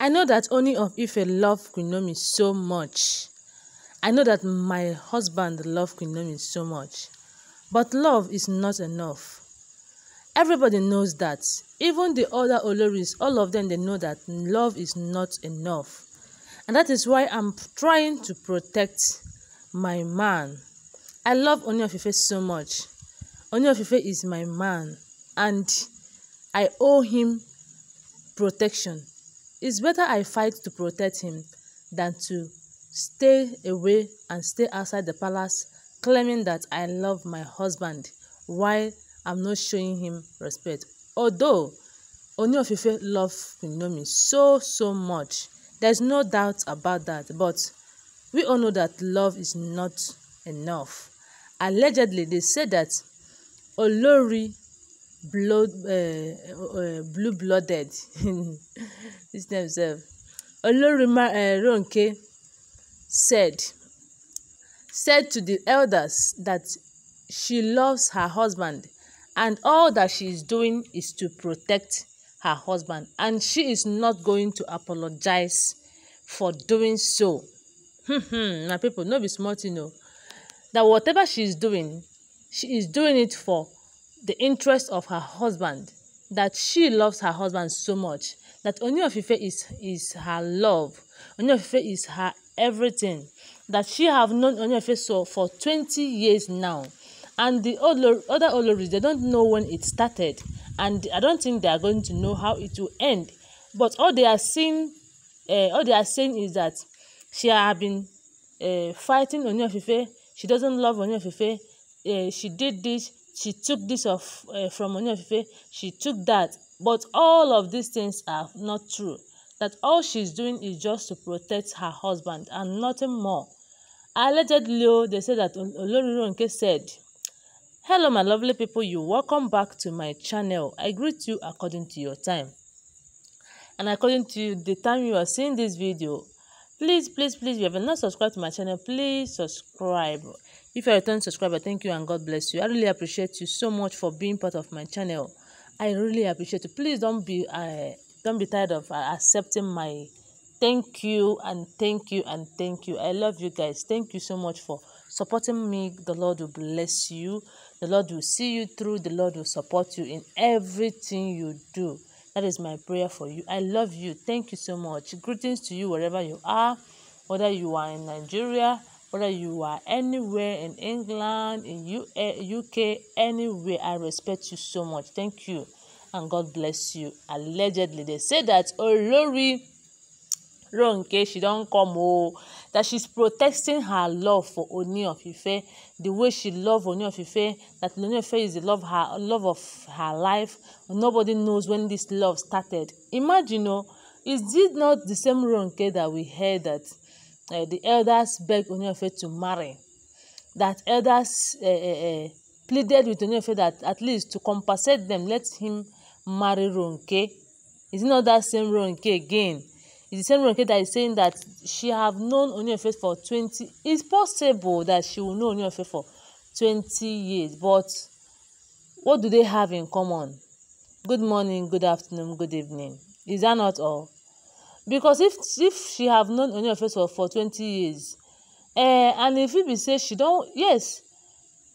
I know that only of Ife love Kunomi so much. I know that my husband love Kunomi so much. But love is not enough. Everybody knows that. Even the other Oloris, all of them, they know that love is not enough. And that is why I'm trying to protect my man. I love Oni of Ife so much. Oni of Ife is my man. And I owe him protection It's better I fight to protect him than to stay away and stay outside the palace claiming that I love my husband while I'm not showing him respect. Although Ooni of Ife loved so so much, there's no doubt about that, but we all know that love is not enough. Allegedly, they said that Olori blood uh, eh, uh, eh, eh, blue blooded this name sef olorima uh, ronke said said to the elders that she loves her husband and all that she is doing is to protect her husband and she is not going to apologize for doing so Now, hmm, hmm, people no be small thing o oh. that whatever she is doing she is doing it for the interest of her husband, that she loves her husband so much, that Ooni is, is her love, Ooni is her everything, that she have known Ooni so for 20 years now. And the other, other Oloris, they don't know when it started, and I don't think they are going to know how it will end. But all they are seeing, uh, all they are saying is that she have been uh, fighting Ooni she doesn't love Ooni uh, eh, she did this, she took this of uh, from Ooni of she took that but all of these things are not true that all she is doing is just to protect her husband and nothing more allegedly o oh, they say that Olori Ronke said hello my lovely people you welcome back to my channel I greet you according to your time and according to the time you are seeing this video please please please if you have not subscribed to my channel please subscribe if you're a returning subscriber thank you and god bless you i really appreciate you so much for being part of my channel i really appreciate you please don't be uh, don't be tired of uh, accepting my thank you and thank you and thank you i love you guys thank you so much for supporting me the lord will bless you the lord will see you through the lord will support you in everything you do That is my prayer for you. I love you. Thank you so much. Greetings to you wherever you are, whether you are in Nigeria, whether you are anywhere in England, in UK, eh, anywhere. I respect you so much. Thank you. And God bless you. Allegedly, they say that Olori. Lori. ronke she don come o oh, that she's protesting her love for oni of ife the way she love oni of ife that oni of ife is the love her love of her life nobody knows when this love started imagine o oh, is this not the same ronke that we heard that uh, the elders begged oni of ife to marry that elders uh, uh, pleaded with oni of ife that at least to compensate them let him marry ronke is it not that same ronke again Is the same Ronke that is saying that she have known Oniofe for twenty. it's possible that she will know Oniofe for twenty years but what do they have in common? Good morning, good afternoon, good evening. Is that not all? Because if if she have known Oniofe for for 20 years uh, and if it be say she don yes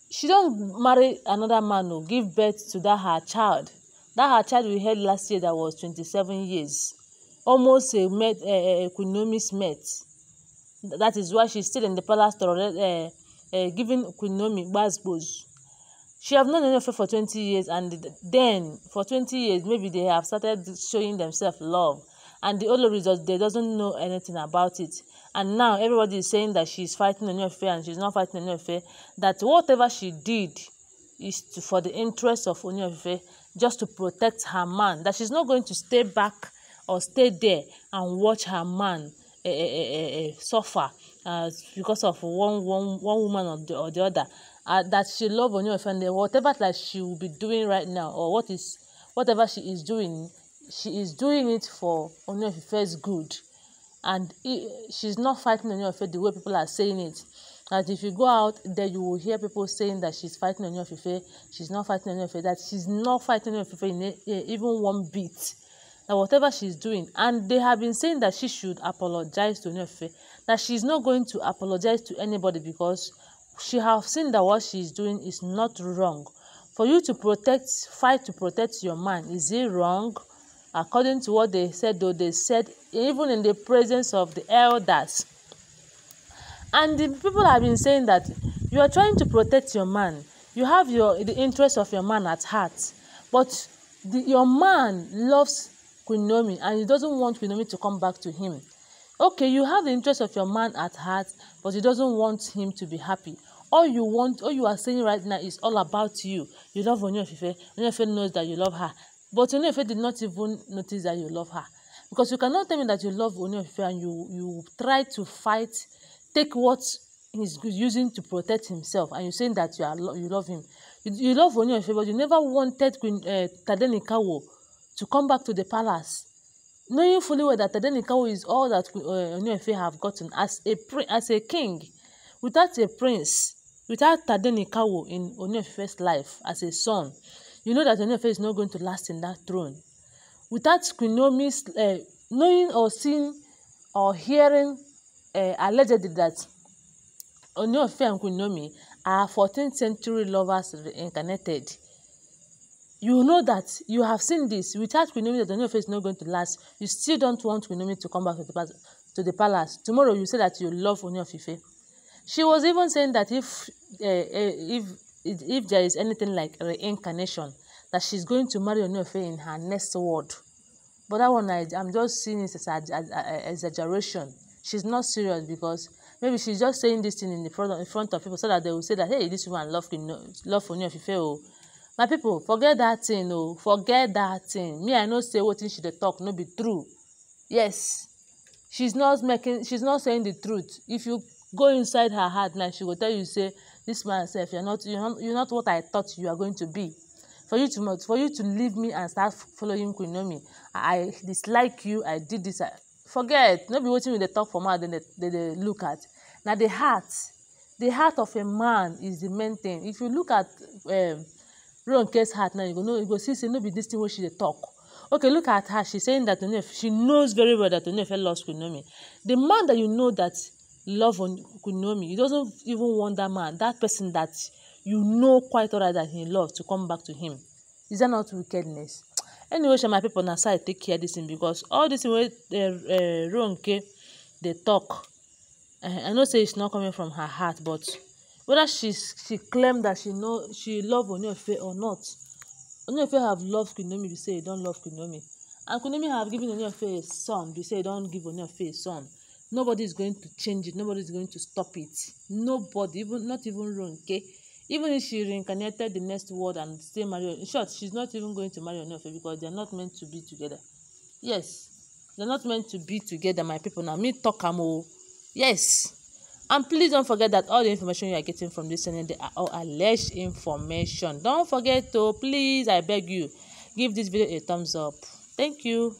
she don marry another man o give birth to that her child that her child we had last year that was twenty seven years almost a met uh, eh, Kunomi's eh, met. That is why she's still in the palace to, uh, uh, giving Kunomi Gbazgbos. She have known Eniofe for 20 years and then for 20 years maybe they have started showing themselves love and the only result they doesn't know anything about it and now everybody is saying that she's fighting affair, and she's not fighting affair. that whatever she did is to, for the interest of Eniofe just to protect her man that she's not going to stay back or stay there and watch her man uh, uh, uh, suffer uh, because of one one one woman or the, or the other uh, that she love on your Ife whatever that she will be doing right now or what is whatever she is doing she is doing it for Ooni of Ife's good and he, she's not fighting Ooni of Ife the way people are saying it that if you go out there you will hear people saying that she's fighting Ooni of Ife she's not fighting Ooni of Ife that she's not fighting Ooni of Ife in a, a, even one bit that whatever she's doing and they have been saying that she should apologize to Nefe that she's not going to apologize to anybody because she have seen that what she's doing is not wrong for you to protect fight to protect your man is it wrong according to what they said though they said even in the presence of the elders and the people have been saying that you are trying to protect your man you have your the interest of your man at heart but the, your man loves Queen and he doesn't want Queen to come back to him. Okay, you have the interest of your man at heart, but he doesn't want him to be happy. All you want, all you are saying right now is all about you. You love Onyefefe. Onyefefe knows that you love her. But Onyefefe did not even notice that you love her. Because you cannot tell me that you love Onyefefe and you, you try to fight, take what he's using to protect himself and you're saying that you, are, you love him. You, you love Onyefefe, but you never wanted Queen, uh, eh, Tadenikawo to come back to the palace, knowing fully well that Tadenikawo is all that uh, Ooni have gotten as a as a king, without a prince, without Tadenikawo in Ooni life as a son, you know that Ooni is not going to last in that throne. Without Queen uh, knowing or seeing or hearing uh, allegedly that Ooni and Queen are 14th century lovers reincarnated. you know that you have seen this without Queen the new face is not going to last you still don't want Queen to come back to the palace to the palace tomorrow you say that you love Onyofife she was even saying that if uh, if if there is anything like reincarnation that she's going to marry Onyofife in her next world but that one I, I'm just seeing it as an exaggeration she's not serious because maybe she's just saying this thing in the front of, in front of people so that they will say that hey this woman loves love Onyofife o. Oh. my people forget that thing o oh. forget that thing me i know say wetin she dey talk no be true yes she's not making she's not saying the truth if you go inside her heart now she go tell you say this man sef you're not you're not you're not what i thought you are going to be for you to for you to leave me and start following Queen Naomi i dislike you i did this i forget no be wetin we dey talk for mouth dem dey dey look at na the heart the heart of a man is the main thing if you look at um, case heart now you go know you go see say no be this thing wey she dey talk okay look at her she saying that onef she knows very well that onefe loves kunomi the man that you know that love on kunomi He doesn't even want that man that person that you know quite well that he love to come back to him is that not wickedness anyway sha my people na so i take care this thing because all this thing wey uh, eh, uh, eh, ronke dey talk uh, i know say it's not coming from her heart but whether she she claim that she know she love Ooni or not Ooni have loved Kunomi. Naomi be say e don love Kunomi. and Kunomi have given Ooni a son be say e don give Ooni a son nobody is going to change it nobody is going to stop it nobody even not even Ronke even if she reincarnated the next world and still marry in short she's not even going to marry Ooni because they are not meant to be together yes they are not meant to be together my people na me talk am o yes. And please don't forget that all the information you are getting from this channel, they are all alleged information. Don't forget to, please, I beg you, give this video a thumbs up. Thank you.